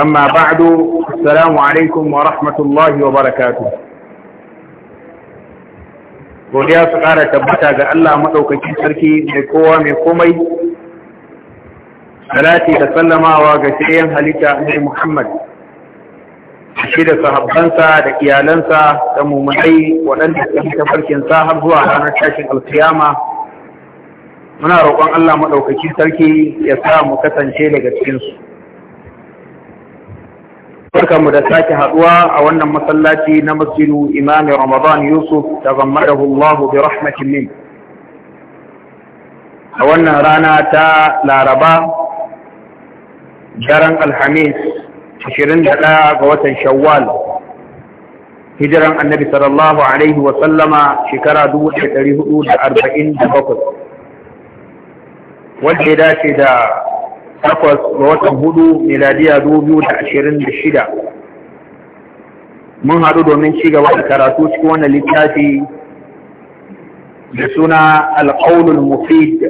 أما بعد السلام عليكم ورحمة الله وبركاته godiya su ƙara tabbata ga Allah maɗaukakin sarki mai kowa mai komai salati da sallamawa ga shiryen halitta mai Muhammad shi da sahabbansa da iyalansa da mummunai waɗanda suka fita farkin har zuwa ranar tashin alkiyama muna roƙon Allah maɗaukakin sarki ya sa mu kasance daga cikinsu barkanmu da sake haduwa a wannan masallaci na masjidu imam ramadan yusuf tazammadahu allah bi rahmatin min a wannan rana ta laraba daren alhamis 21 ga watan shawwal hijiran annabi sallallahu alaihi wa sallama shekara 1447 wanda ya dace da takwas ga watan hudu miladiya dubu da ashirin da shida mun haɗu domin ci gaba da karatu cikin wannan littafi da suna alƙaunul mufid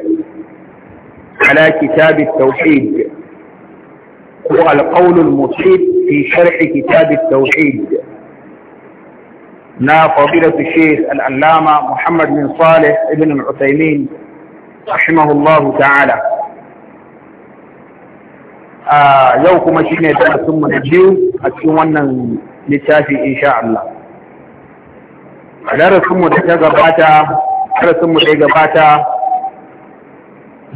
ala kitabit tauhid ko alƙaunul mufid fi sharhi kitabit tauhid na fadilatu shekh al'allama muhammad bin salih ibn al'utaimin rahimahullahu ta'ala yau kuma shine ne mu na biyu a cikin wannan littafi insha Allah darasin mu ta gabata darasin mu da gabata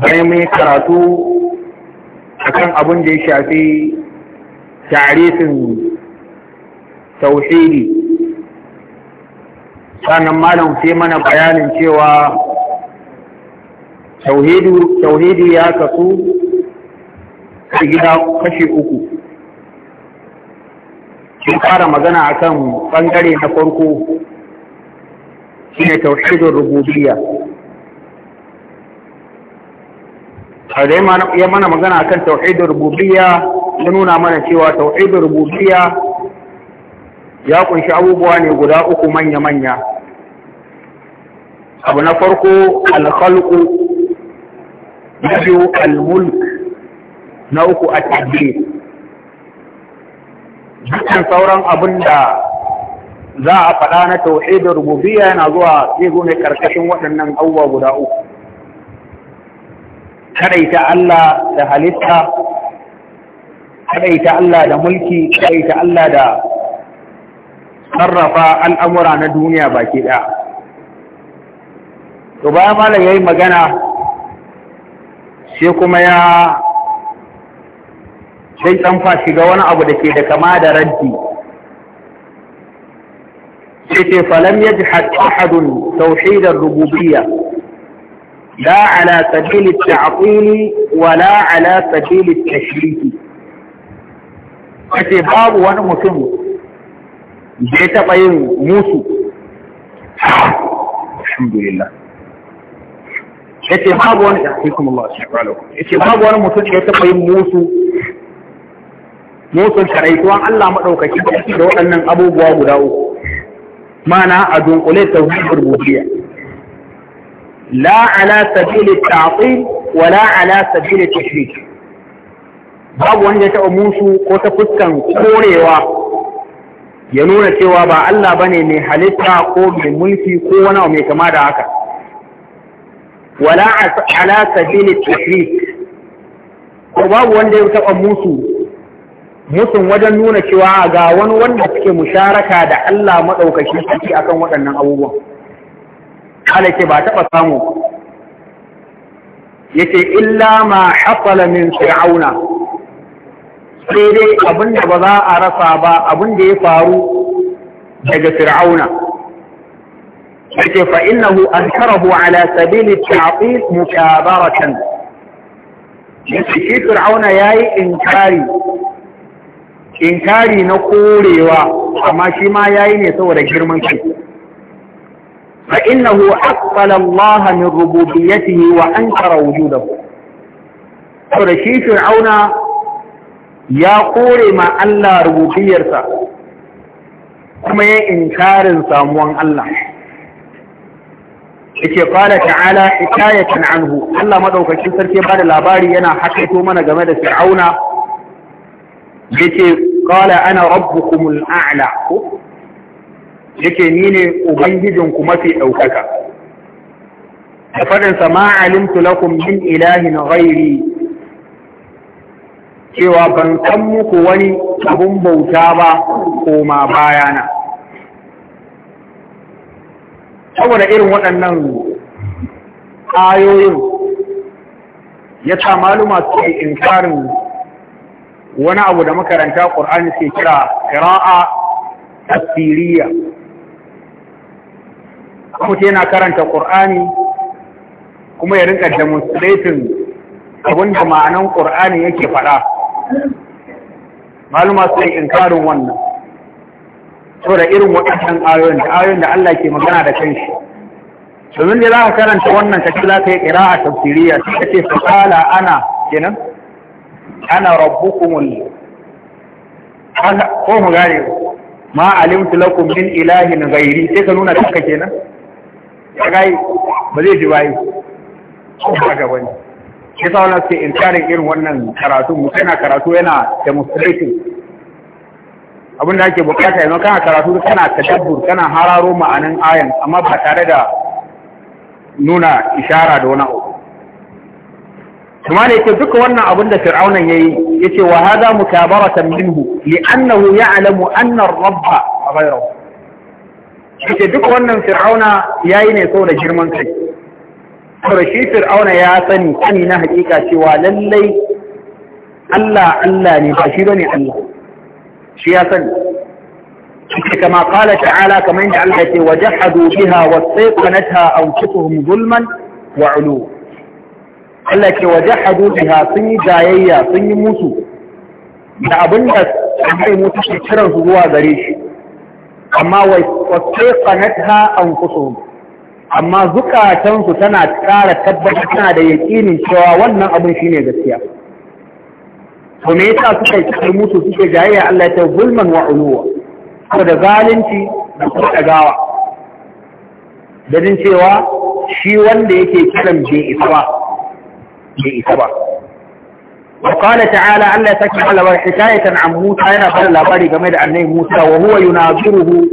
bayan mun karatu a kan abin da ya shafi tarihin tauhidi sannan malam sai mana bayanin cewa tauhidi ya kasu ta gida kashe uku shi fara magana akan bangare na farko shine rububiya. A da ya mana magana akan tauhidin rububiya, ya nuna mana cewa tauhidin rububiya ya kunshi abubuwa ne guda uku manya-manya abu na farko alkhalku na biyu almulk na uku a tajiri dukkan sauran abin da za a faɗa na tauhidin rububiya yana zuwa zai zo ne karkashin waɗannan abubuwa guda uku kadaita Allah da halitta kadaita Allah da mulki kadaita Allah da sarrafa al'amura na duniya baki ɗaya to bayan malam yayi magana sai kuma ya sai ɗan fa shiga wani abu da ke da kama da raddi sai ce falam ya ji tauhidar rububiyya la ala sabili ta'qili wa la ala sabili tashriki babu wani mutum da ya taba yin musu alhamdulillah yace babu wani ya ce babu wani mutum da ya taɓa yin musu motsin karaituwan Allah maɗaukaki da waɗannan abubuwa guda uku mana a dunkule tauhid rububiyya la ala sabili ta'til wa la ala sabili tashrik babu wanda ya taɓa musu ko ta fuskan korewa ya nuna cewa ba Allah bane mai halitta ko mai mulki ko wani mai kama da haka wala ala sabili tashrik ko babu wanda ya taɓa musu mutum wajen nuna cewa ga wani wanda suke musharaka da Allah maɗaukaki suke akan waɗannan abubuwan. Kala ke ba taɓa samu. Yake illa ma hasala min fir'auna sai dai abin da ba za a rasa ba abin da ya faru daga fir'auna. Yake fa'innahu an karahu ala sabili ta'afi mukabaratan. Yake shi fir'auna ya yi inkari inkari na korewa amma shi ma yayi ne saboda girman kai fa innahu aqbala Allah min rububiyyatihi wa ankara wujudahu saboda shi fir'auna ya kore ma Allah rububiyarsa kuma ya inkarin samuwan Allah yake fara ta'ala hikayatan anhu Allah madaukakin sarki ba da labari yana hakaito mana game da fir'auna yake kala ana rabbukumul a'la ko yake ni ne ubangijinku mafi ɗaukaka da faɗinsa ma alimtu lakum min ilahin ghairi cewa ban kan muku wani abun bauta ba ko koma bayana saboda irin waɗannan ayoyin ya ta maluma su inkarin wani abu da makaranta ƙur'ani ke kira ƙira'a tafsiriya kuma ce yana karanta ƙur'ani kuma ya rinka abin abinda ma'anan ƙur'ani yake faɗa maluma su yi inkarin wannan so da irin waɗannan ayoyin da ayoyin da Allah ke magana da kan shi domin da za ka karanta wannan kashi za ka yi ƙira'a tafsiriya sai ka ce fasala ana kenan ana rabbukumul ko mu gane ma alimtu lakum min ilahin ghairi sai ka nuna kanka kenan gai ba zai ji bai ga wani. sai sa wannan sai inkarin irin wannan karatu mu kana karatu yana demonstrating abinda ake bukata yanzu kana karatu kana tadabbur kana hararo ma'anin ayan amma ba tare da nuna ishara da wani abu kuma ne ce duka wannan abin da fir'aunan yayi yace wa hadha mukabaratan minhu li'annahu ya'lamu anna ar-rabba ghayruhu yace duka wannan fir'auna yayi ne saboda girman kai saboda shi fir'auna ya sani sani na hakika cewa lallai Allah Allah ne ba shi bane Allah shi ya sani kama ta'ala كما قال تعالى كما عند الله وجحدوا بها واستيقنتها أنفسهم wa وعلوا Allah ke waje biha sun yi jayayya sun yi musu da abin da sai mutu ke kiran su zuwa gare shi amma wasai sanata an kuso amma zukatansu tana ƙara tabbata tana da yakinin cewa wannan abin shine gaskiya to me yasa suka yi musu suke jayayya Allah ta zulman wa uluwa saboda zalunci da kuma dagawa da din cewa shi wanda yake kiran bai isa ya isa ba. Wakala ta'ala Allah ya sake halabar hikayatan yana bada labari game da annai Musa wa huwa yuna zuruhu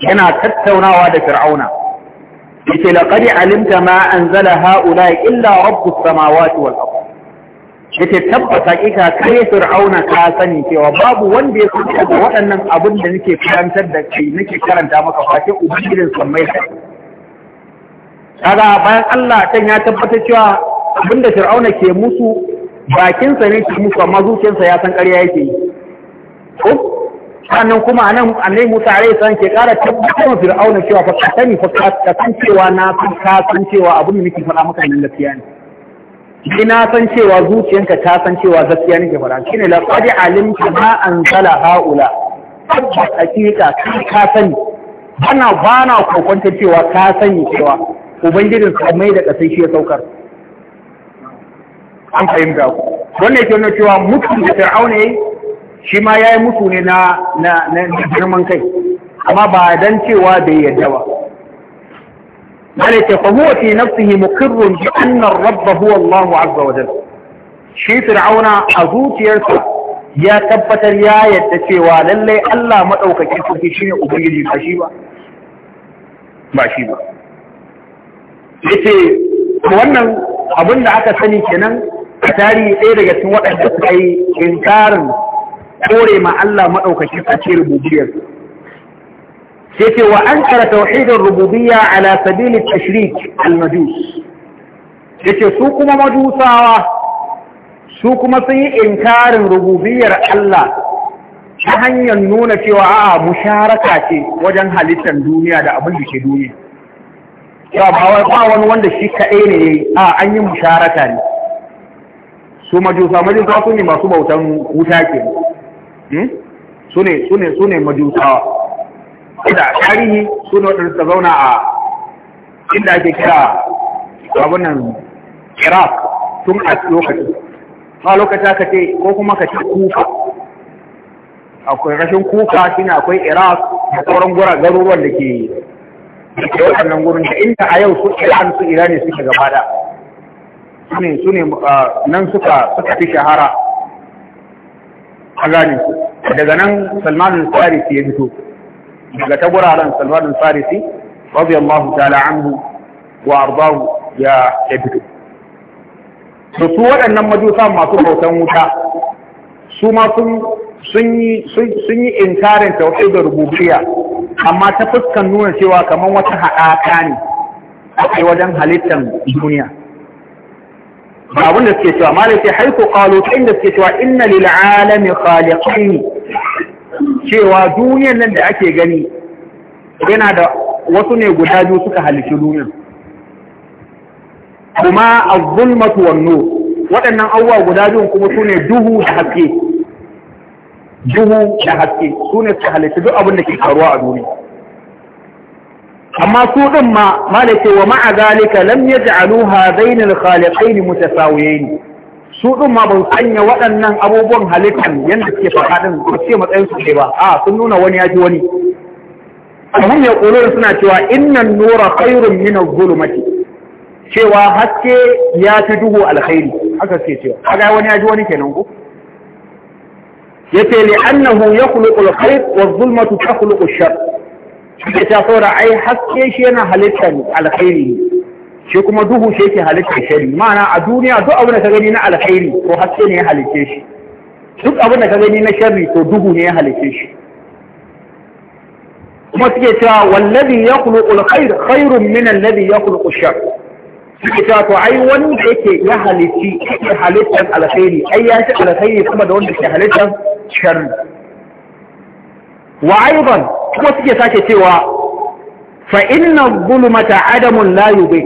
yana tattaunawa da fir'auna. Ike laƙari alimta ma an zala ha'ula illa rabbu samawati wal ardh. Ike tabbata kika kai fir'auna ka sani cewa babu wanda ya kuɗa da waɗannan abin da nake karantar da kai nake karanta maka fashe ubangijin sammai. Kaga bayan Allah kan ya tabbatar cewa abinda fir'auna ke musu bakinsa ne ke musu amma zuciyarsa ya san ƙarya yake yi ko sannan kuma anan annabi Musa alaihi salam ke ƙara tabbatar da fir'auna cewa fa ka sani fa ka san cewa na san ka san cewa abin da nake faɗa maka nan gaskiya ne ni na san cewa zuciyanka ta san cewa gaskiya nake faɗa ne laqad alimta ma anzala haula tabbas hakika ka sani ana bana kokonta cewa ka sani cewa ubangijin mai da kasai shi ya saukar an fahimta ku wannan yake nuna cewa mutum da fir'auna yayi shi ma yayi mutu ne na na girman kai amma ba dan cewa bai yadda ba malaka fa huwa fi nafsihi muqirrun bi anna ar huwa Allah azza wa jalla shi fir'auna a zuciyarsa ya tabbatar ya yadda cewa lallai Allah madaukakin sarki shine ubangiji ba shi ba ba shi ba yace wannan abin da aka sani kenan a tarihi ɗaya daga cikin waɗanda suka yi inkarin kore ma Allah maɗaukaki a rububiyar sai ce wa an kara tauhidin rububiyya ala sabili tashrik al-majus yace su kuma majusawa su kuma sun yi inkarin rububiyar Allah ta hanyar nuna cewa a musharaka ce wajen halittar duniya da abin da ke duniya. ba wani wanda shi kaɗai ne ya yi, a an yi musharaka ne. su majusa majusa su ne masu bautan wuta ke hmm? su ne su ne su ne majusawa da tarihi su ne waɗanda zauna a inda ake kira abunan iraq tun a lokaci. ba lokaci aka ce ko kuma ka ce kufa akwai rashin kuka ne akwai iraq da sauran garuruwan da ke da ke waɗannan gurin da inda a yau su iran su irani suke gaba da sune sune nan suka suka fi shahara a gane daga nan salmanu farisi ya fito daga ta guraren salmanu al-Farisi radiyallahu ta'ala anhu wa ardahu ya ya fito to su waɗannan majusa masu bautan wuta su ma sun sun yi sun yi inkarin tauhidar rububiyya amma ta fuskan nuna cewa kamar wata haɗaka ne a wajen halittar duniya ba abin da suke cewa malai sai haiku kalu ta inda suke cewa inna lil alami khaliqaini cewa duniyar nan da ake gani yana da wasu ne guda biyu suka halici duniyar kuma az-zulmatu wan nur waɗannan awwa guda biyun kuma ne duhu da haske duhu da haske su ne su halici duk abin da ke faruwa a duniya amma su din ma malake wa ma'a zalika lam yaj'alu hadain al-khaliqain mutasawiyin su din ma ban sanya waɗannan abubuwan halittan yanda suke faɗa din ba ce matsayin su ba a sun nuna wani ya ji wani amma ya kulura suna cewa innan nura khairun min az-zulumati cewa haske ya fi duhu alkhairi haka suke cewa kaga wani ya ji wani kenan ko yace li annahu yakhluqu al-khair wa az-zulmatu takhluqu ash-shar da ta saura ai haske shi yana halittar alkhairi shi kuma duhu shi yake halittar shari ma'ana a duniya duk abin da ka gani na alkhairi to haske ne ya halitte shi duk abin da ka gani na sharri to duhu ne ya halitte shi kuma suke cewa wallazi yakhluqul khair khairun min alladhi yakhluqu shar suke cewa to ai wanda yake ya halitti yake halittar alkhairi ai ya ci alkhairi kuma da wanda ke halittar shari wa aiban kuma suke sake cewa fa inna zulmata adamun la yubi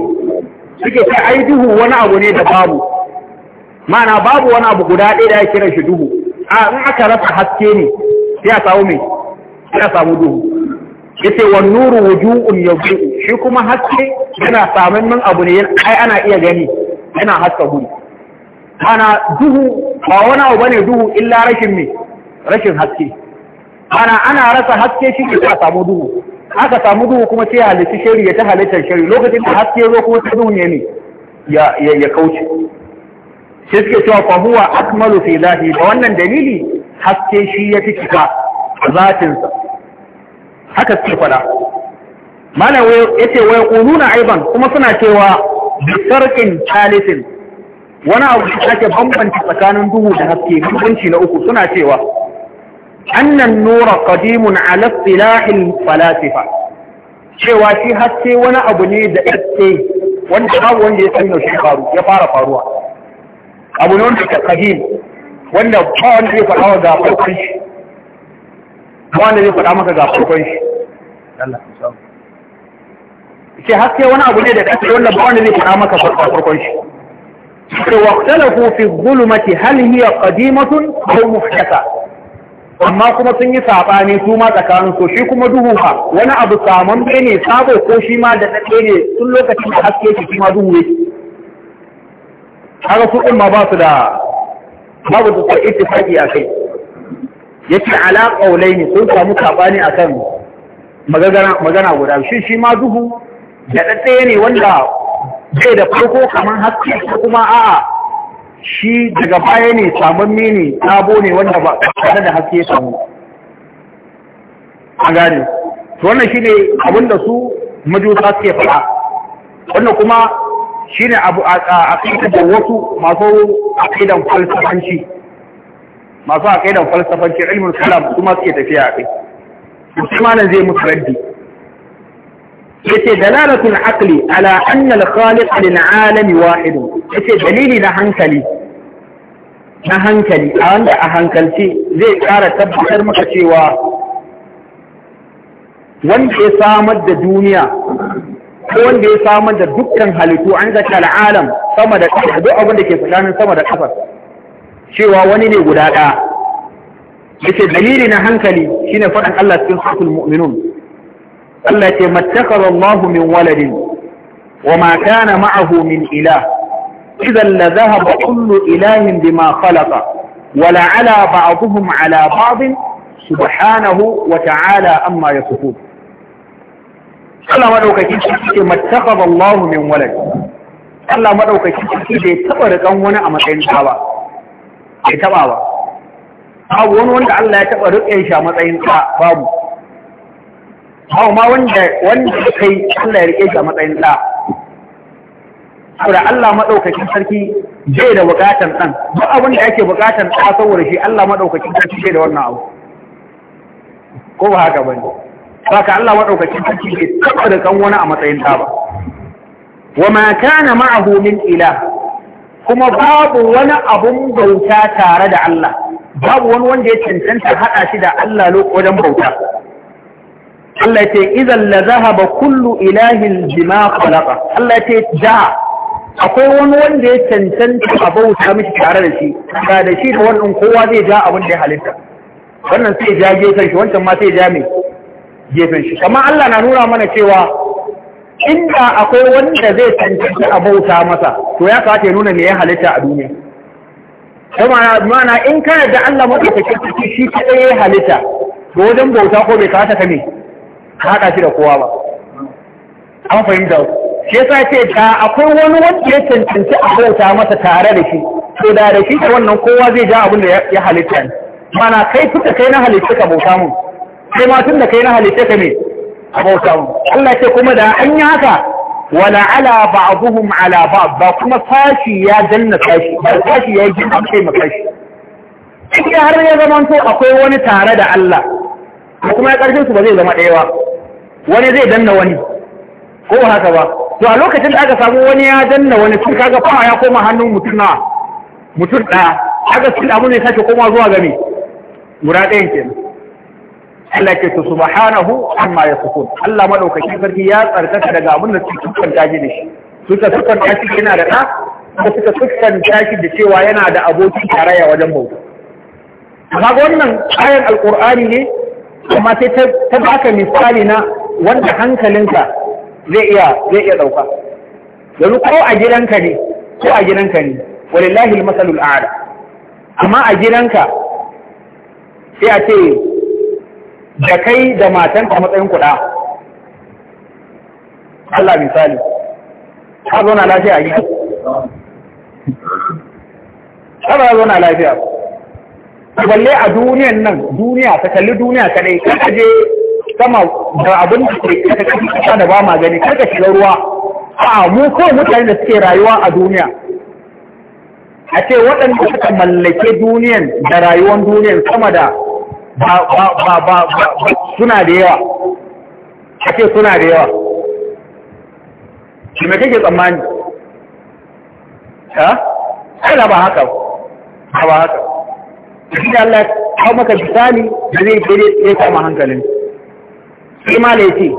suke ce ai duhu wani abu ne da babu ma'ana babu wani abu guda ɗaya da ya kira shi duhu a in aka rasa haske ne sai a samu mai sai a samu duhu yace wa nuru wujuhun yabi shi kuma haske yana samun min abu ne ai ana iya gani yana haska guri ana duhu ba wani abu bane duhu illa rashin me rashin haske ana ana rasa haske shi ka samu duhu aka samu duhu kuma sai halitta shari ya ta halittar shari lokacin da haske zo kuma ta duhu ne ya ya kauce shi suke cewa fa huwa akmalu fi zahi da wannan dalili haske shi ya fi cika zatinsa haka suke fada malam yace wai quluna aiban kuma suna cewa bi sarqin talisin wani abu da ake bambanta tsakanin duhu da haske bambanci na uku suna cewa annan nura qadimun ala istilahil falasifa cewa shi haske wani abu ne da yake wanda babu wanda ya sanya shi faru ya fara faruwa abu ne wanda kadim wanda ba wanda zai faɗa ga farkon shi ba wanda zai faɗa maka ga farkon shi Allah ke haske wani abu ne da kake wanda ba wanda zai faɗa maka farkon shi to waqtalafu fi dhulumati hal hiya qadimatun aw muhdatha amma kuma sun yi saɓani su ma tsakanin su shi kuma duhu ha wani abu saman bai ne sabo ko shi ma da ne tun lokacin da haske shi ma duhu ne haka su ɗin ma ba su da babu da sai ittifaqi a kai yace ala qawlaini sun samu saɓani akan magana magana guda shi shi ma duhu da ne wanda bai da farko kamar haske kuma a'a shi daga baya ne samamme ne sabo ne wanda ba kada da haske samu a gane wannan shi ne abinda su majusa suke faɗa wannan kuma shi ne abu a ƙiƙa da wasu masu aƙidan falsafanci masu aƙidan falsafanci ilmin kalam ma suke tafiya a kai su nan zai musu raddi yace dalalatul aqli ala anna al khaliq lil alami wahid yace dalili na hankali na hankali a wanda a hankalci zai kara tabbatar maka cewa wanda ya samar da duniya ko wanda ya samar da dukkan halittu an zaka al'alam sama da ƙasa duk abin da ke tsakanin sama da ƙasa cewa wani ne guda ɗaya yace dalili na hankali shine faɗin Allah cikin suratul mu'minun Allah ce mattakhadha Allahu min waladin wa ma kana ma'ahu min ilah idan la ba kullu ilahin bima khalaqa wa la ala ba'dhum ala ba'd subhanahu wa ta'ala amma ya yasifun Allah madaukaki ce mattakhadha Allahu min walad Allah madaukaki ce bai taɓa rikan wani a matsayin ta ba bai taɓa ba babu wani wanda Allah ya taɓa rikan shi a matsayin ta babu hau ma wanda wanda ya kai Allah ya rike shi a matsayin da saboda Allah maɗaukakin sarki bai da buƙatan ɗan duk abin da ake buƙatan ɗa saboda shi Allah maɗaukakin sarki bai da wannan abu ko ba haka bane saka Allah maɗaukakin sarki bai taɓa da kan wani a matsayin da ba wa ma kana ma'ahu min ilah kuma babu wani abun bauta tare da Allah babu wani wanda ya cancanta haɗa shi da Allah wajen bauta Allah ce idan la zahaba kullu ilahin bima khalaqa Allah ce da akwai wani wanda ya cancanta a bauta mishi tare da shi ba da shi da wannan kowa zai ja abin da ya halitta wannan sai ja gefen shi wancan ma sai ja mai gefen shi kamar Allah na nuna mana cewa inda akwai wanda zai cancanta a bauta masa to ya kamata ya nuna me ya halitta a duniya kuma mana in kana da Allah maka madaukakin shi kadai ya halitta to wajen bauta ko bai kamata ka ne haɗa shi da kowa ba an fahimta shi yasa ce da akwai wani wanda ya cancanci a bauta masa tare da shi to da da shi ta wannan kowa zai ja abin da ya halitta ne mana kai fita kai na halitta ka bauta mun kai ma tun da kai na halitta ka ne a bauta mun Allah ce kuma da an yi haka wala ala ba'dhum ala ba'd ba kuma sashi ya danna sashi ba sashi ya yi ma kashi. in har ya zama to akwai wani tare da Allah kuma ya karshen su ba zai zama ɗaya ba wani zai danna wani ko haka ba to a lokacin da aka samu wani ya danna wani tun kaga fa ya koma hannun mutum na mutum da aka sun abu ne sake koma zuwa ga me guda kenan Allah ke to subhanahu amma yasifun Allah madaukakin sarki ya tsarkaka daga abin da suke tukanta shi da shi suka tukanta shi yana da ɗa ko suka tukanta shi da cewa yana da abokin tarayya wajen bauta amma wannan ayan alqur'ani ne amma sai ta baka misali na wanda hankalinka zai iya zai iya dauka yanzu ko a gidanka ne ko a gidanka ne walillahi almasalul a'la amma a gidanka sai a ce da kai da matan ka matsayin kuɗa Allah misali ka zo na lafiya a gidanka ka ya zauna lafiya balle a duniyan nan duniya ta kalli duniya kadai kan aje sama da abin da ke kasa kasa da ba ma gani ka shiga ruwa a mu kawai mutane da suke rayuwa a duniya a ce waɗanda suka mallake duniyan da rayuwar duniyan sama da ba suna da yawa a ce suna da yawa shi mai kake tsammani ha? kada ba haka ba haka shi da Allah ya kawo maka bisani da zai bere ya kama hankalin sai ma laifi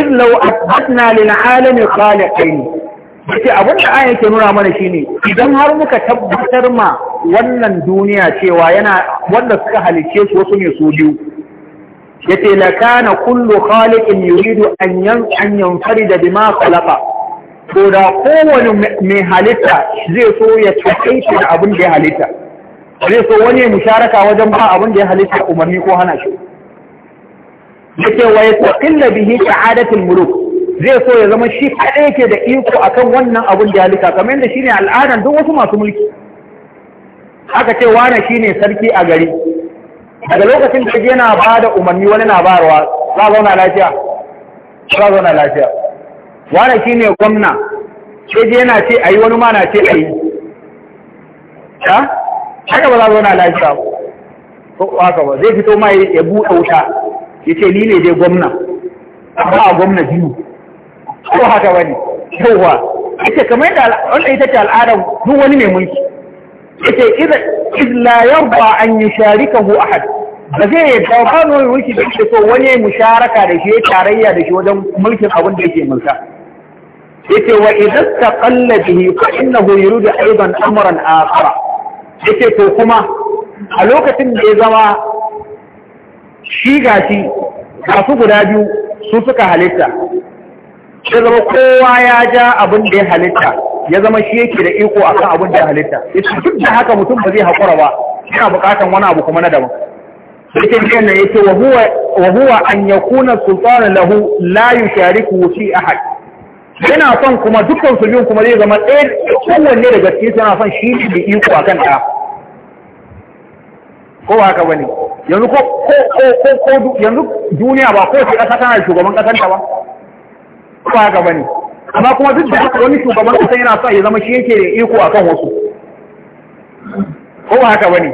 in lau asbatna lil alamin khaliqain yace abin da ayan ke nuna mana shine idan har muka tabbatar ma wannan duniya cewa yana wanda suka halice su wasu ne su biyu yace la kana kullu khaliqin yuridu an yan an yanfarida bima khalaqa to da kowane mai halitta zai so ya taƙaice da abin da ya halitta zai so wani musharaka wajen ba abin da ya halitta umarni ko hana shi yake ko yastaqilla bihi sa'adatul muluk zai so ya zama shi kaɗai yake da iko akan wannan abun da halika kamar yadda shine al'adan duk wasu masu mulki Haka ce wane shine sarki a gari daga lokacin da yana ba da umarni wani na bayarwa za a zauna lafiya za a zauna lafiya wane shine gwamna sai yana ce ayi wani ma na ce ayi ha haka ba za a zauna lafiya ko haka ba zai fito ma ya buɗe wuta ya ce ni ne dai gwamna amma a gwamna biyu ko haka wani yauwa ya ce kamar yadda wanda ita ce al'adar duk wani mai mulki ya ce izla yarba an yi sharikahu ahad ba zai yadda ba nuna mulki da so wani musharaka da shi ya tarayya da shi wajen mulkin abin da yake mulka ce wa idan ta kalla bihi fa innahu yuridu aidan akara? Ya ce to kuma a lokacin da ya zama shi ga gashi su guda biyu su suka halitta ya zama kowa ya ja abin da ya halitta ya zama shi yake da iko a kan abin da ya halitta ita duk da haka mutum ba zai haƙura ba yana buƙatar wani abu kuma na daban yake biyan nan yake wa huwa an yakuna sultanan lahu la yushariku fi ahad yana son kuma dukkan su biyun kuma zai zama ɗaya kowanne daga cikin yana son shi da iko akan ɗaya ko ba haka bane yanzu ko ko ko ko yanzu duniya ba ko kasa tana shugaban kasan ta ba ko ba haka bane amma kuma duk da haka wani shugaban kasa yana sa ya zama shi yake da iko akan wasu ko ba haka bane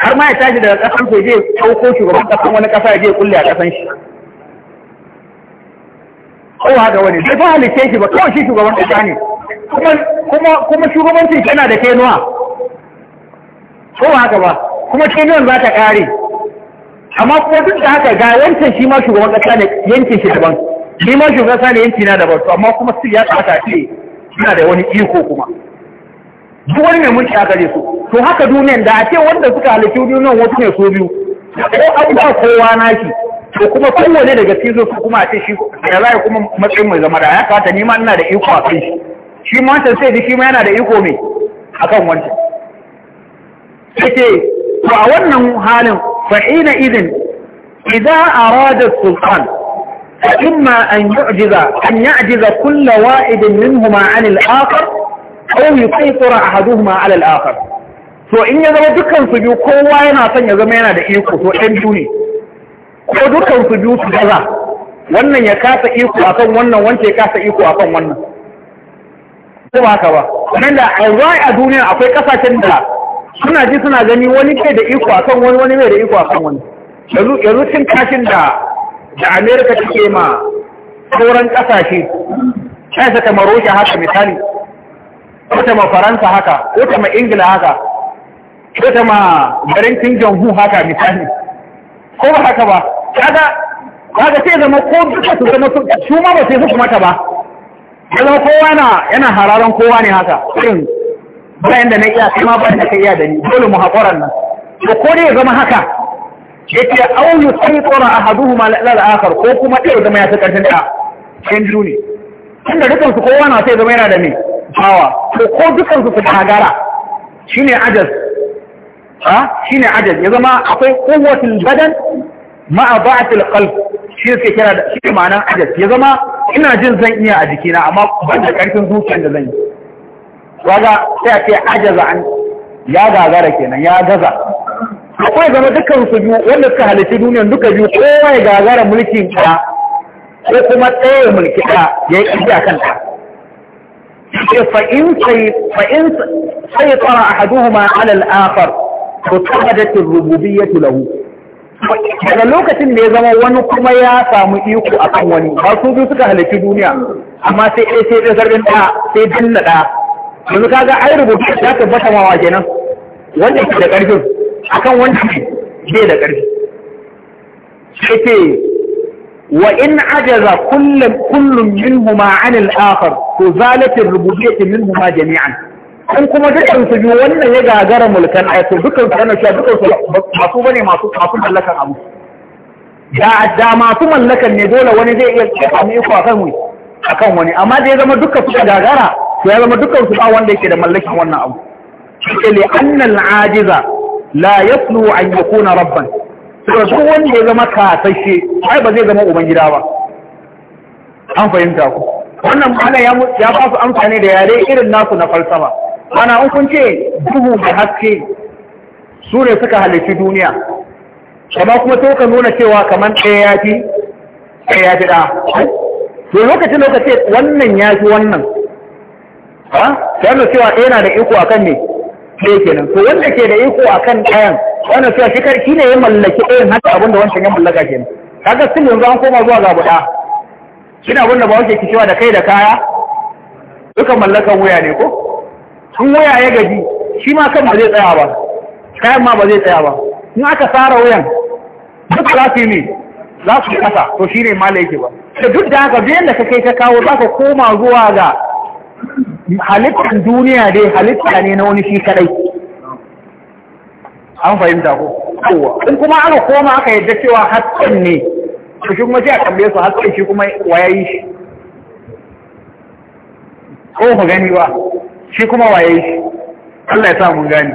har ma ya tashi daga kasan ko je dauko shugaban kasan wani kasa ya je kulle a kasan shi ko ba haka bane sai fa halice shi ba kawai shi shugaban kasa ne kuma kuma kuma shugabancin yana da kenuwa ko ba haka ba kuma kimiyyar za ta ƙare amma kuma duk da haka ga yankin shi ma shugaban ƙasa ne yankin shi daban shi ma shugaban ƙasa ne yanki na daban to amma kuma su ya tsaka ce suna da wani iko kuma duk wani mai mulki aka gare su to haka duniyan da a ce wanda suka halittu duniyan wasu ne so biyu ko an ba kowa shi. to kuma kowane daga cikin su kuma a ce shi da za kuma matsayin mai zama da ya kata ni ma ina da iko a kai shi shi ma wancan sai da shi ma yana da iko mai akan wancan yake to a wannan halin fa'ina izin, idan arada sultan an فإما kulla يعجز أن يعجز كل واحد منهما عن الآخر a hadu أحدهما على الآخر so in ya zama dukkan su biyu kowa yana son ya zama yana da iko to ɗan biyu ne ko dukkan biyu su gaza wannan ya kasa iko akan wannan wanda ya kasa iko akan wannan ko ba haka ba nan da a yanzu a duniya akwai kasashen da suna ji suna gani wani ke da iko akan wani wani mai da iko akan wani yanzu cin kashin da da amerika take ma sauran kasashe sai ta kama haka misali ko ta ma faransa haka ko ta ma ingila haka ko ta ma garin Kingdom hu haka misali ko ba haka ba kaga kaga sai zama ko duka su zama su kuma ba sai su kuma ta ba ya zama kowa yana hararan kowa ne haka irin bayan da na iya sai ma bayan da ka iya da ni dole mu haƙoran nan to ko dai ya zama haka ya ce au yu sai tsora ahaduhuma lal akhar ko kuma ɗaya zama ya fi ƙarfin da kan juni tunda dukan su kowa na sai zama yana da me hawa to ko dukan su su gagara shine ajaz ha shine ajaz ya zama akwai quwwatul badan ma'a ba'atul qalb shi suke kira da shi ma'anan ajaz ya zama ina jin zan iya a jikina amma ban da ƙarfin zuciyar da zan yi waga sai a ce ajaza an ya gagara kenan ya gaza akwai zama dukkan su biyu wanda suka halitta duniyan duka biyu kowa ya gagara mulkin ka ko kuma tsaye mulki ka ya yi ƙarfi a kan ka ce fa'in sai tsara a ma alal afar Ko to rububi ya tulahu. daga lokacin da ya zama wani kuma ya samu iko akan wani ba su biyu suka halitta duniya amma sai ɗaya sai ɗaya zargin ɗaya sai dinna ɗaya yanzu kaga ai rubutu ya tabbata mawa kenan wanda ke da ƙarfin akan wanda ke da ƙarfi sai ce wa in ajaza kullum kullum minhuma an al-akhar to zalatir rububiyyati minhuma jami'an in kuma dukkan su biyu wannan ya gagara mulkan ayatu dukkan su wannan shi dukkan su masu bane masu masu mallakan abu da da masu mallakan ne dole wani zai iya samu iko akan wani akan wani amma da zama dukkan su gagara ya zama dukkan su ba wanda yake da mallakin wannan abu shi li annal ajiza la yaslu an yakuna rabban suka su wanda ya zama kasashe ai ba zai zama uban gida ba an fahimta ku wannan ma'ana ya ya ba su amfani da yare irin nasu na falsafa ana an kun ce duhu da haske su ne suka halarci duniya amma kuma to ka nuna cewa kamar ɗaya ya fi ɗaya ya fi ɗaya to lokacin lokacin wannan ya fi wannan ha sai da cewa ɗaya eh, na da iko akan ne ɗaya kenan to wanda ke da iko akan ɗayan wanda cewa shi karki ne ya mallaki ɗayan haka abinda wancan ya mallaka kenan kaga sun yanzu an koma zuwa ga buɗa shi na abinda ba wanke ki cewa da kai da kaya duka mallakan waya ne ko sun waya ya gaji shi ma kan ba zai tsaya ba kayan ma ba zai tsaya ba in aka tsara wayan duk za su yi ne za su kasa to shi ne ma laifi ba da duk da haka biyan da ka kai ka kawo za ka koma zuwa ga halittar duniya dai halitta ne na wani shi kadai an fahimta ko kowa in kuma aka koma aka yadda cewa hatsin ne to shi kuma shi a tambaye su hatsin shi kuma wayayi shi ko ku gani ba shi kuma wayayi shi Allah ya sa mun gani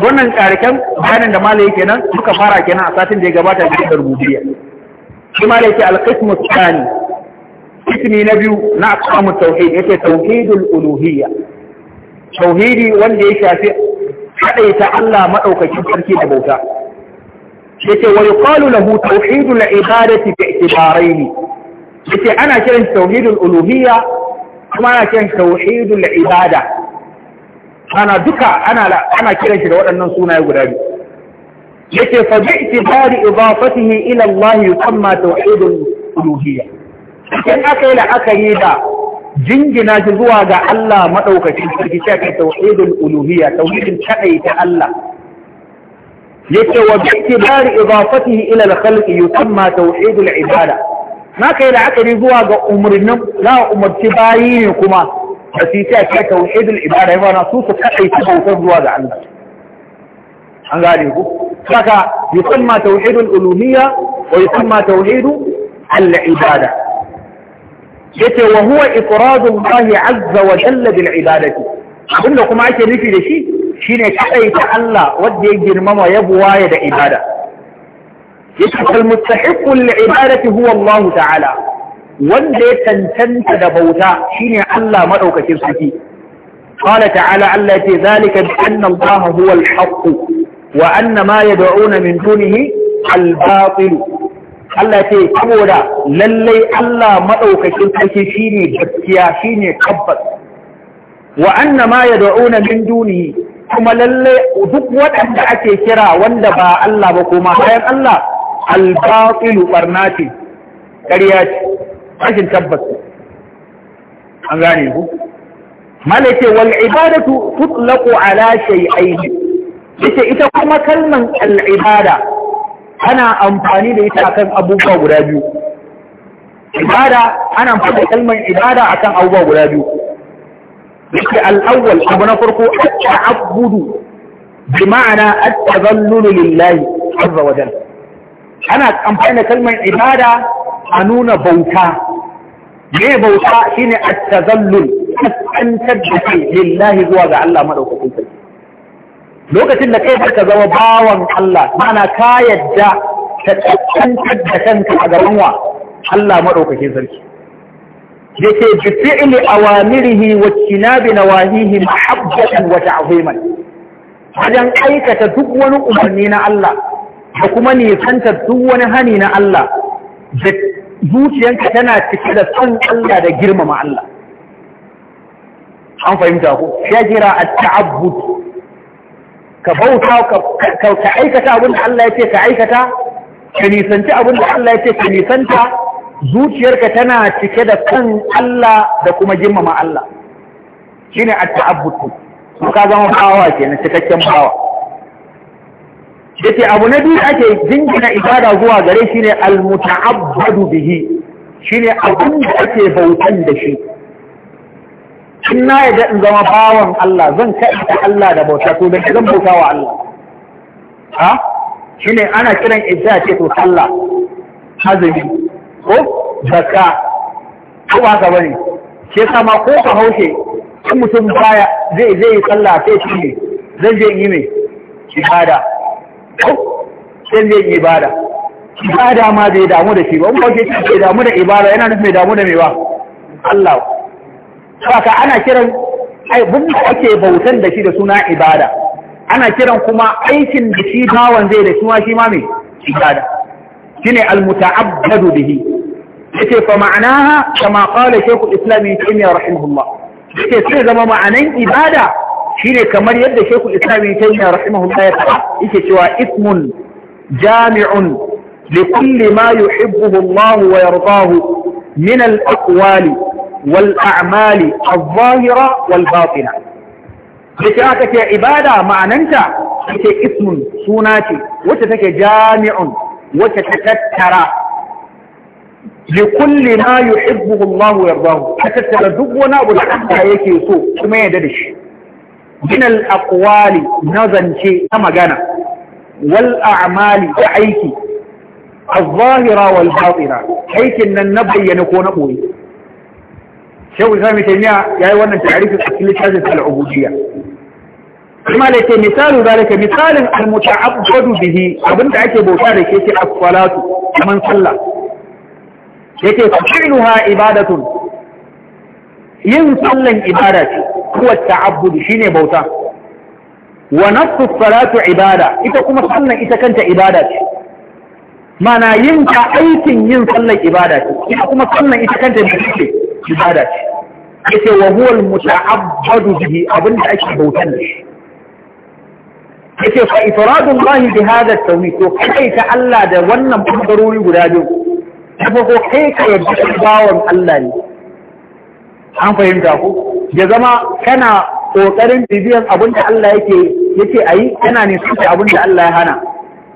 wannan karken bayanin da malai kenan suka fara kenan a satin da ya gabata da rububiyya shi malai ke alqismu tsani ismi na biyu na aqamu tauhid yake tauhidul uluhiyya tauhidi wanda ya shafi ta Allah maɗaukacin sarki da bauta yake wa yuqalu lahu tauhidul ibadati bi i'tibaraini yake ana kiran tauhidul uluhiyya kuma ana kiran tauhidul ibada ana duka ana ana kiran shi da waɗannan sunaye guda biyu yake fa in aka yi la'akari da jingina shi zuwa ga Allah maɗaukacin sarki shi ake tauhidul uluhiyya tauhidin ta Allah yace wa bi itibari idafatihi ila al-khalq yusamma tauhidul ibada na yi la'akari zuwa ga umarnin na umarci bayi ne kuma da su yi ake tauhidul ibada yana su su kaɗaita bautar zuwa ga Allah an gane ku saka yusamma tauhidul uluhiyya wa yusamma tauhidul al-ibada yace wa huwa iqradul lahi azza wa jalla bil ibadati abinda kuma ake nufi da shi shine kadai ta Allah wanda ya girmama yabuwa buwaya da ibada yace al mustahiqu lil ibadati huwa Allah ta'ala wanda ya tantanta da bauta shine Allah madaukakin sarki qala ta'ala Allah yace zalika bi anna Allah huwa al haqq wa anna ma yad'una min dunihi al batil Allah ce saboda lallai Allah maɗaukakin sarki shine gaskiya shine tabbas wa anna ma yad'una min dunihi kuma lallai duk waɗanda ake kira wanda ba Allah ba kuma bayan Allah al-batilu barnati ƙarya ce rashin tabbas an gane ku malaka wal ibadatu tutlaqu ala shay'ain yace ita kuma kalman al-ibada ana amfani da ita akan abubuwa guda biyu ibada ana amfani da kalmar ibada akan abubuwa guda biyu yake al'awwal abu na farko abudu bi ma'ana at-tazallulu lillahi azza wa jalla ana amfani da kalmar ibada a nuna bauta me bauta shine at-tazallul kasantar da kai lillahi zuwa ga Allah madaukakin sarki lokacin da kai ka zama bawan Allah mana ka yadda ka tsantar da kanka a gaban wa Allah madaukakin sarki ke bi fi'li awamirihi wacce wa tinabi nawahihi mahabbatan wa ta'ziman wajen aikata duk wani umarni na Allah da kuma nisantar duk wani hani na Allah da zuciyanka tana cike da son Allah da girmama Allah an fahimta ku ya kira at-ta'abbud ka bauta ka aikata abin da Allah ya ce ka aikata ka nisanci abin da Allah ya ce ka nisanta zuciyarka tana cike da kan Allah da kuma girmama Allah shine at-ta'abbud ko ka zama bawa kenan cikakken bawa yace abu na biyu ake jingina ibada zuwa gare shine al-muta'abbadu bihi shine abin da ake bautan da shi in na yadda in zama bawan Allah zan kaɗa Allah da bauta ko dan zan bauta wa Allah ha shine ana kiran idda ce to sallah azumi ko zakka ko ba ka bane ke yasa ma ko ka haushe in mutum baya zai zai yi sallah sai shi ne zan je yi mai ibada ko sai zai yi ibada ibada ma zai damu da shi ba mu ba ke damu da ibada yana nufin damu da me ba Allah Saka ana kiran abin da ake bautan da shi da suna ibada, ana kiran kuma aikin da shi bawan zai da suna shi ma mai ibada. Shi ne almuta'abbadu bihi. Yake fa ma'anaha kama qala Sheikhul Islam Ibn Taymiyyah rahimahullah. Yake sai zama ma'anan ibada shine kamar yadda Sheikhul Islam Ibn Taymiyyah rahimahullah ya faɗa yake cewa ismun jami'un لكل ما يحبه الله ويرضاه من الأقوال wala'mali a'mali al-zahira wal batina yace aka ce ibada ma'ananta yace ismun suna ce wacce take jami'un wacce ta tattara li kulli ma yuhibbuhu Allah wa yardahu ta tattara duk wani abu da Allah yake so kuma ya da shi ginal akwali na zance na magana wala'mali da aiki Aikin nan na bayyana ko na ɓoye. shehu islam taimiya ya yi wannan tarihi a cikin littafin al'ubudiyya kuma da ke misalin zalika misalin al-muta'abbadu bihi abinda ake bauta da ke ce as-salatu kaman sallah yake fi'luha ibadatun yin sallan ibada ce kuwa shi ne bauta wa nafsu salatu ibada ita kuma sannan ita kanta ibada ce mana yin ta aikin yin sallan ibada ce ita kuma sannan ita kanta ce ibada ce yace wa huwa al-muta'abbadu bihi abinda ake bautar da shi yace fa ifradu Allah bi hadha at-tawhid to kai ta Allah da wannan bangarori guda biyu kuma ko kai ka yarda bawon Allah ne an fahimta ku ya zama kana kokarin bibiyan da Allah yake yake ayi kana ne sun abinda Allah ya hana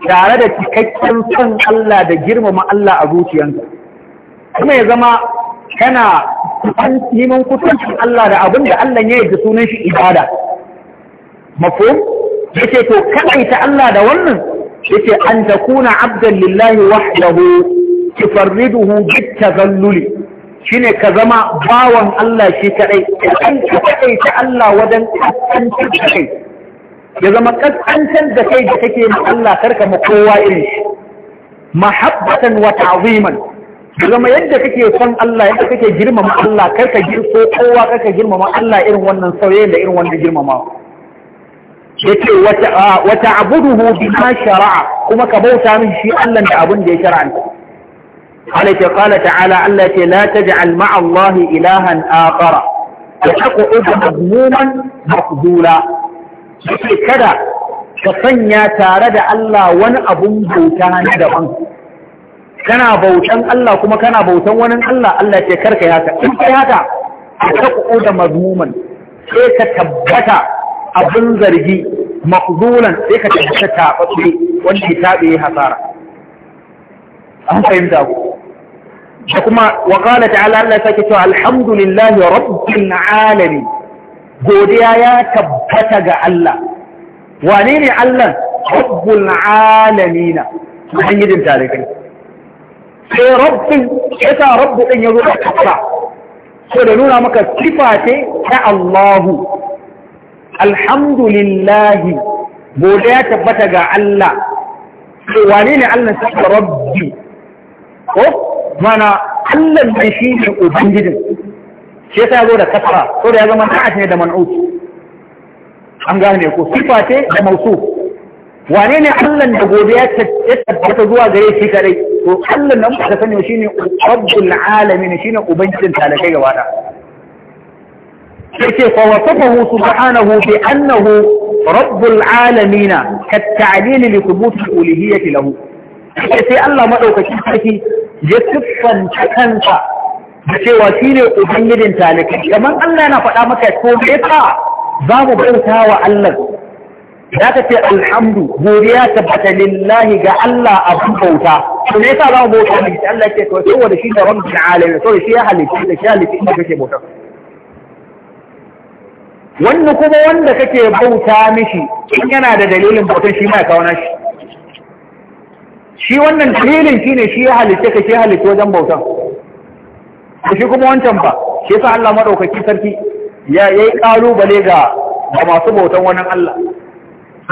tare da cikakken son Allah da girmama Allah a zuciyanka kuma ya zama kana neman kusanci Allah da abin da Allah ya yarda sunan shi ibada mafhum yace to ta Allah da wannan yake an takuna abdan lillahi wahdahu tufarriduhu bit tazalluli shine ka zama bawan Allah shi kaɗai kan ka ta Allah wajen kasantar da kai ya zama kasantar da kai da kake ma Allah karka ma kowa irin shi mahabbatan wa ta'ziman zama yadda kake son Allah yadda kake girmama Allah kar ka girko kowa ka girmama Allah irin wannan sauye da irin wannan girmamawa yace wata wata abuduhu bima shara'a kuma ka bauta min shi Allah da abun da ya shar'anta alaika qala ta'ala Allah ce la taj'al ma'a Allah ilahan akhara yaqud mazmuman maqdula yace kada ka sanya tare da Allah wani abun bauta na daban kana bautan Allah kuma kana bautan wani Allah Allah ce karka haka in kai haka a taƙo da mazmuman sai ka tabbata abin zargi makzulan sai ka tabbata taɓaɓɓe wanda ya taɓe ya hasara an fahimta ku da kuma wa qala ta'ala Allah sake cewa alhamdulillahi rabbil alamin godiya ya tabbata ga Allah wane ne Allah rabbul alamin ubangijin talibai sai rabbin sa rabbu ya yazo da kafa so da nuna maka sifa ce ta Allahu alhamdulillahi gode ya tabbata ga Allah to wane ne Allah sai rabbi ko mana Allah ne shi ne ubangiji shi yasa zo da kafa so da ya zama ta ne da man'u an gane ko sifa ce da mausu wane ne Allah da gobe ya tabbata zuwa gare shi kadai to Allah nan ka sani shine rabbul alamin shine ubangijin talakai gaba da yake fa wasafahu subhanahu bi annahu rabbul alamin ka ta'lil li thubut uluhiyyati lahu sai Allah madaukakin sarki ya siffanta kanka da cewa shine ubangijin talakai kaman Allah yana faɗa maka ko me yasa za mu bauta wa Allah za ka ce alhamdu godiya tabbata lillahi ga Allah abin bauta to ne yasa za mu bauta ne shi Allah ke to saboda shi da rabbul alamin to shi ya halitta da shi halitta inda kake bauta wanda kuma wanda kake bauta mishi in yana da dalilin bautan shi ma ya kawo nashi shi wannan dalilin ne shi ya halitta ka shi halitta wajen bautan shi kuma wancan ba shi yasa Allah madaukaki sarki ya yi kalubale ga masu bautan wannan Allah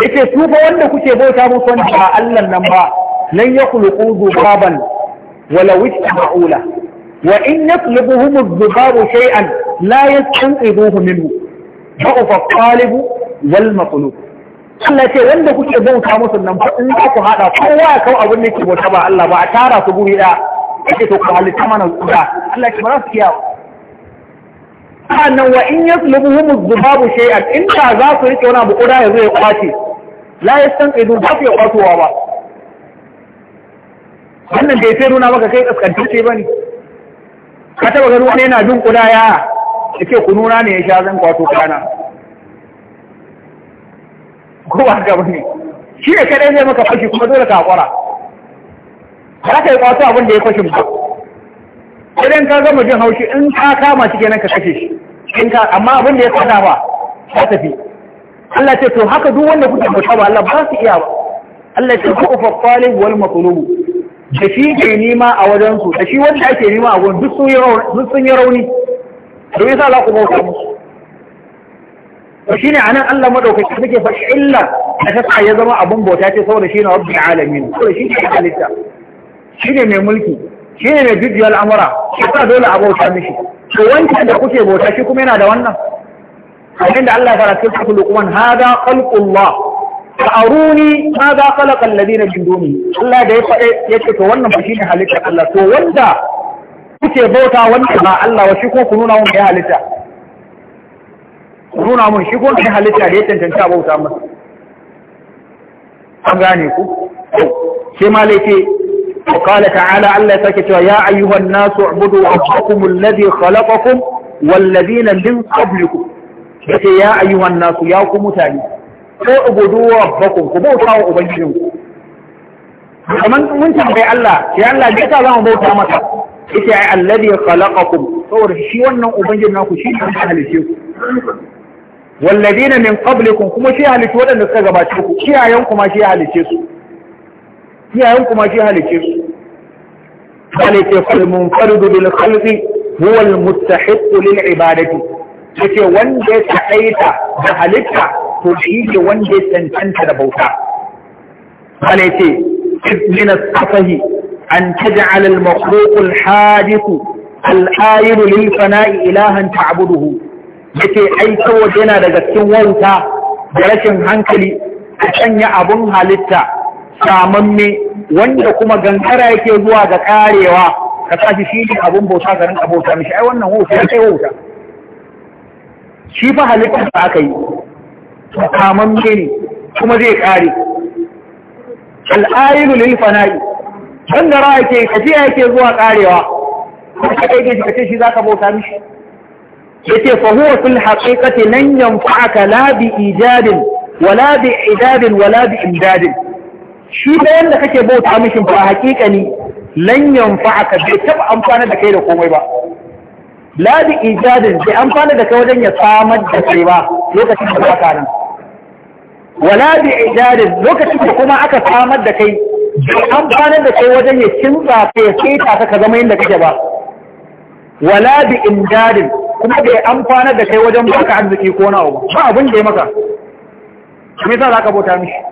yace ku ba wanda kuke bauta musu wanda ba Allah nan ba lan yakhluqu dhubaban walaw ma'ula. wa in yatlubuhum adh-dhubabu shay'an la yastanqidhuhu minhu da'uf at-talib wal maqlub Allah ce wanda kuke bauta musu nan ba in ku hada kowa ya kawo abin da yake bauta ba Allah ba a tara su guri da yake to ku halitta mana kuda Allah ce ba sa'annan wa in yaslubuhum adh-dhubabu shay'an in ta za su rike wani abu koda ya zo ya kwace la yastanqidu ba su ya kwatowa ba wannan bai sai nuna maka kai kaskantacce ba ne ka taba gani wani yana jin kuda ya ce ku nuna ne ya sha zan kwato kana ko ba ne. bane shi ne kaɗai zai maka fashi kuma dole ka hakura ba za ka yi kwato abin da ya fashin ba idan ka gama jin haushi in ka kama shi kenan ka kashe shi in ka amma abin da ya tsada ba ya tafi Allah ce to haka duk wanda kuke bauta ba Allah ba su iya ba Allah ce ku ufa qalib wal matlub da shi ke nima a wajen su da shi wanda ake nima a wajen duk sun yi rauni duk sun yi rauni to yasa Allah ku bauta musu to shine anan Allah madaukaki take fa illa da ta ya zama abin bauta ce saboda shi ne rabbul alamin saboda shi ne halitta shi ne mai mulki shi ne mai jujjuya al'amura shi ta dole a bauta mishi to wanke da kuke bauta shi kuma yana da wannan abin da Allah ya fara cikin kullu kuma hada khalqullah fa aruni hada khalaqa alladhina min duni Allah da ya faɗe ce to wannan fashi ne halitta Allah to wanda kuke bauta wanda ba Allah wa shi ko ku nuna mun ya halitta nuna mun shi ko ne halitta da ya cancanta bauta masa an gane ku sai ma laifi وقال تعالى الله تكتوا يا أيها الناس اعبدوا ربكم الذي خلقكم والذين من قبلكم يتي يا أيها الناس ياكم تاني اعبدوا ربكم كبوتا وأبنجنكم kaman mun tambayi Allah ya Allah me yasa zamu bauta maka yace ai allazi khalaqakum saboda shi wannan ubangijin naku shi ne halice ku walladina min qablikum kuma shi halice wadanda suka gabace ku kiyayen kuma shi halice su iyayen kuma shi halice su halice falmun fardu bil khalqi huwa al lil ibadati yace wanda ya tsaita da halitta to shi ne wanda ya cancanta da bauta halice min as-safahi an taj'al al makhluq al hadith al ayil lil fana'i ilahan ta'buduhu yace ai kawai yana daga cikin wauta da rashin hankali a canya abun halitta samamme wanda kuma gangara yake zuwa ga karewa ka sashi shi ne abun bauta ka rinka bauta mishi ai wannan wauta ya kai wauta shi fa halittar da aka yi samamme ne kuma zai kare al'ayilu lil fana'i gangara yake tafiya yake zuwa karewa ka kai gaji shi kace shi zaka bauta mishi yace fa huwa fil haqiqati lan yanfa'aka la bi ijadin wala bi idadin wala bi imdadin shi da yadda kake bauta mishi ba a lanyan lan yanfa'aka bai taba amfana da kai da komai ba la bi ijadin bai amfana da kai wajen ya samar da kai ba lokacin da ba nan wala bi ijadin lokacin da kuma aka samar da kai bai amfana da kai wajen ya kinsa kai sai ta ka zama yadda kake ba wala bi imdadin kuma bai amfana da kai wajen baka arziki ko na ba abin da ya maka me yasa zaka bauta mishi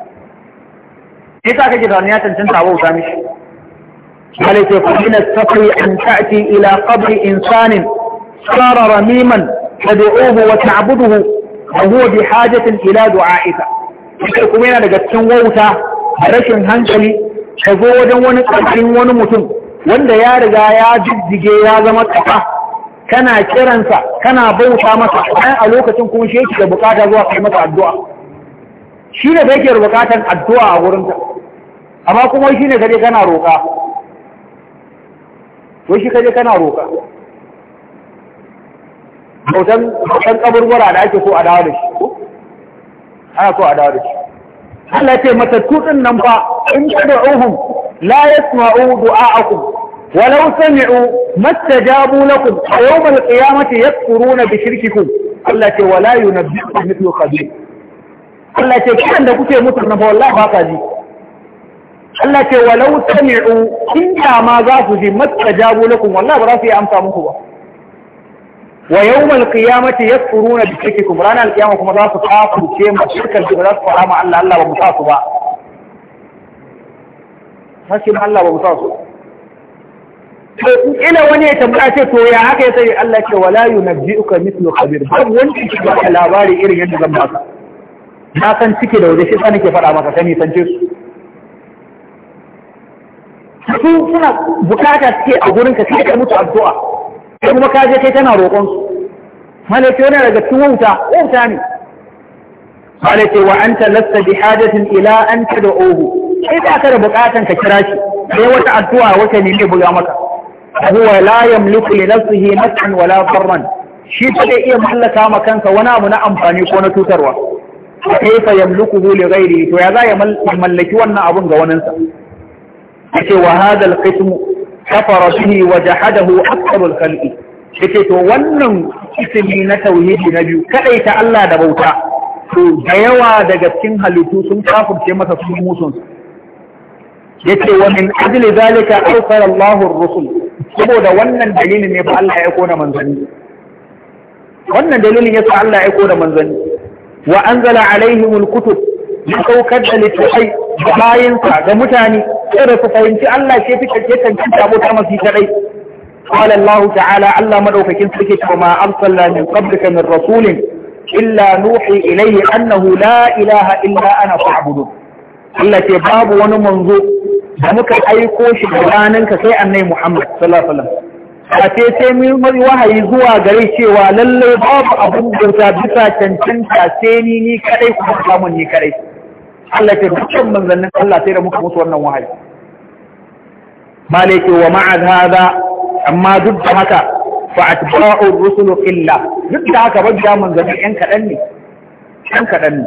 sai kake da wani ya cancanta abu ta mishi malai ce ku ina safari an ta'ti ila qabri insanin sara ramiman tad'uhu wa ta'buduhu wa huwa bi hajatin ila du'a'ika kuma yana daga cikin wauta rashin hankali ka zo wajen wani ƙarfin wani mutum wanda ya riga ya jijjige ya zama ƙasa kana kiransa kana bauta masa bayan a lokacin kuma shi yake da bukata zuwa kai masa addu'a shi ne da yake bukatar addu'a a wurinka amma kuma shi ne kaje kana roƙa to shi kaje kana roƙa bautan bautan kaburbura da ake so a dawo da shi ko ana so a dawo da shi Allah ya ce mata tutun nan fa in tad'uhum la yasma'u du'a'akum walau sami'u mastajabu lakum yawm al-qiyamati yakfuruna bi shirkikum Allah ya ce wala yunabbi'u mithlu khabir Allah ya ce kiran da kuke mutunta wallahi ba ka ji Allah ce walau sami'u inda ma za su ji mastajabu lakum wallahi ba za su yi amsa muku ba wa yawmal qiyamati yakfuruna bi shirkikum ranar alqiyama kuma za su kafirce ma shirkan da za su fara ma Allah Allah ba mu sa su ba hakim Allah ba mu sa su ila wani ya tambaya ce to ya haka ya sai Allah ce wala yunabbi'uka mithlu khabir babu wanda ke ba labari irin yadda zan baka na san cike da waje shi sa nake faɗa maka sani san ce su su suna bukata suke a gurin ka sai ka mutu addu'a sai kuma ka je kai tana roƙon su malaka yana daga cikin wauta wauta ne malaka wa anta lasta bi hadatin ila an tad'uhu sai ka da bukatan ka kira shi sai wata addu'a wata ne ne buga maka huwa la yamliku li nafsihi naf'an wala darran shi zai iya mallaka ma kanka wani abu na amfani ko na cutarwa kaifa yamliku li ghairihi to ya za ya mallaki wannan abun ga waninsa yake wa hadal qismu kafara bihi wa jahadahu aktharul khalqi yake to wannan ismi na tauhidi na biyu kadai ta Allah da bauta to da yawa daga cikin halittu sun kafurce masa sun musun yace wa min ajli zalika awsala Allahu ar-rusul saboda wannan dalilin ne fa Allah ya kona manzanni wannan dalilin yasa Allah ya kona manzanni wa anzala alaihimul kutub ya saukar da littafai bayansa ga mutane kada ku fahimci Allah ke fi kake kan ci da mutum mafi kadai qala ta'ala Allah madaukakin sa yake kuma amsalla min qablika min rasulin illa nuhi ilayhi annahu la ilaha illa ana fa'budu Allah ce babu wani manzo da muka aiko shi da ranan ka sai annai Muhammad sallallahu alaihi wasallam a sai mun mai wahayi zuwa gare cewa lallai babu abun da bisa cancanta sai ni ni kadai kuma samun ni kadai Allah ke dukkan manzannin Allah sai da muka musu wannan wahayi malaki wa ma'ad hada amma duk da haka fa atba'u rusulu illa duk da haka ja manzannin yan kaɗan ne yan kadan ne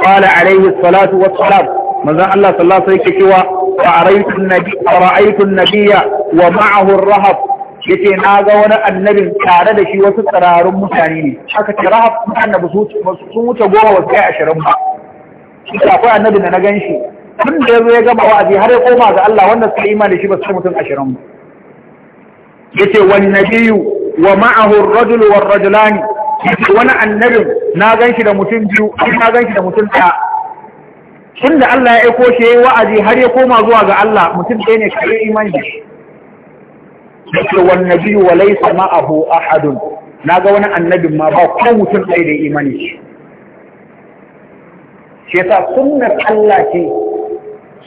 qala alayhi salatu wassalam manzan Allah sallallahu alaihi wasallam yake cewa fa araytu an-nabi ra'aytu an-nabiyya wa ma'ahu ar-rahab yace na ga wani annabin tare da shi wasu tsararun mutane ne aka ce rahab ba su sun wuce goma wasu kai ashirin ba shi akwai annabi da na gan shi tun da ya zo ya gama wa'azi har ya koma ga Allah wanda suka da shi ba su mutum ashirin ba yace wani nabiyu wa ma'ahu ar-rajul wa ar-rajulani wani annabin na gan shi da mutum biyu an na gan shi da mutum ɗaya tun da Allah ya aiko shi yayi wa'azi har ya koma zuwa ga Allah mutum ɗaya ne kai imani da shi yace wani nabiyu wa laysa ma'ahu ahadun na ga wani annabin ma ba ko mutum ɗaya da imani shi shi yasa sunnar Allah ce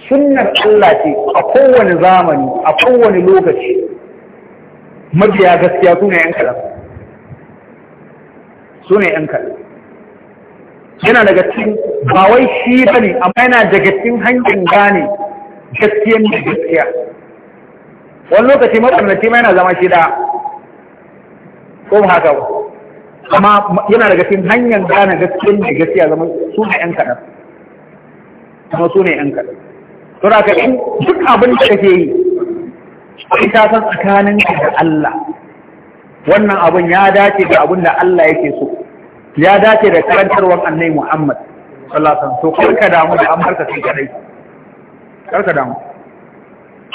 sunnar Allah ce a kowane zamani a kowane lokaci majiya gaskiya sune yan kalam sune yan kalam yana daga cikin ba wai shi bane amma yana daga cikin hankin gane gaskiyan da gaskiya wani lokaci matsananci ma yana zama shi da ko haka ba amma yana daga cikin hanyar gane gaskiyar da gaskiya zama su ne yan kaɗan kuma su ne yan kaɗan to da ka in duk abin da kake yi sai ka san tsakanin da Allah wannan abin ya dace da abin da Allah yake so ya dace da karantarwar annai Muhammad sallallahu alaihi wasallam to karka damu da amarka kai kadai karka damu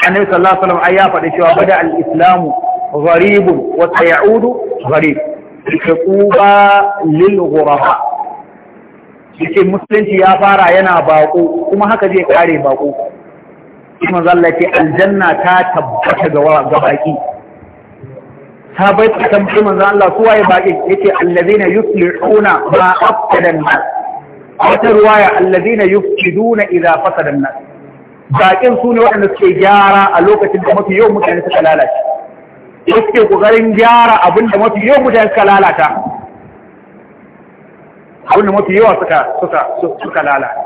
annabi sallallahu alaihi wasallam ai ya faɗi cewa bada al-islamu gharibun wa sayaudu gharib tuquba lil ghuraba yake musulunci ya fara yana bako kuma haka zai kare bako kuma zallake aljanna ta tabbata ga baki bai ta tambayi manzo Allah suwaye baki yace allazina yuslihuna ma afsada nas wata ruwaya allazina ɗuna idza fasadan nas bakin su ne waɗanda suke gyara a lokacin da mafi yau mutane suka lalace ya suke kokarin gyara abin da mafi yawan mutane suka lalata abin da mafi yawa suka suka suka lalata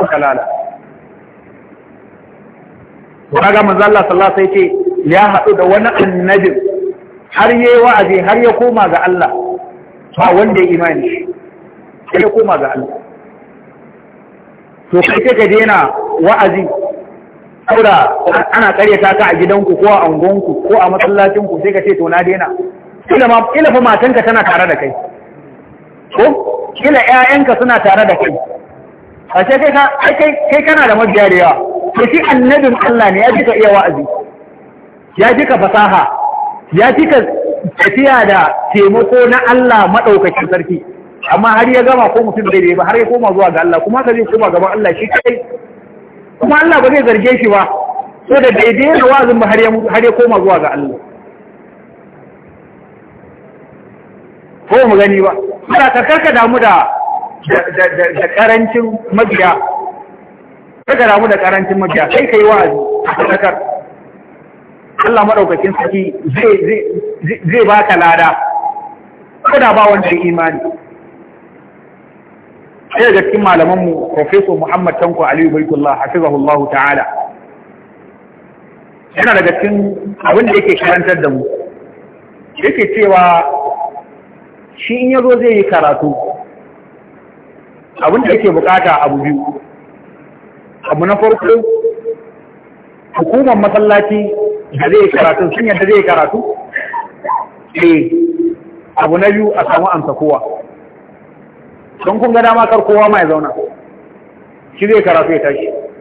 suka lalata kaga manzo sallallahu alaihi ce ya hadu da wani annabi har yi wa'azi har ya koma ga Allah ba wanda ya imani shi ya koma ga Allah to kai ka dena wa'azi saboda ana karyata ka a gidanku ko a unguwanku ko a masallacinku sai ka ce to na daina kila fa matanka tana tare da kai ko kila ƴaƴanka suna tare da kai a ce kai kai kana da mabiya da yawa to shi annabin Allah ne ya ji ka iya wa'azi ya ji ka fasaha ya ji ka tafiya da taimako na Allah madaukakin sarki amma har ya gama ko mutum bai ba har ya koma zuwa ga Allah kuma ka zai koma gaban Allah shi kai kuma Allah ba zai zarge shi ba so da daidai yana wa'azin ba har ya koma zuwa ga Allah ko mu gani ba suna ka damu da da karancin mabiya damu da karancin mabiya sai yi wa'azi a sadakar Allah maɗaukakin saki zai ba baka lada ko da ba wanda imani ɗaya daga cikin malamanmu Profesor Muhammad Tanko Aliyu Baitullah Allah ta'ala yana daga cikin abin da yake karantar da mu yake cewa shi in yazo zai yi karatu abin da yake bukata abu biyu abu na farko hukumar masallaci da zai karatu sun yadda zai karatu eh abu na biyu a samu amsa kowa don kun ga dama kar kowa ma ya zauna shi zai karatu ya tashi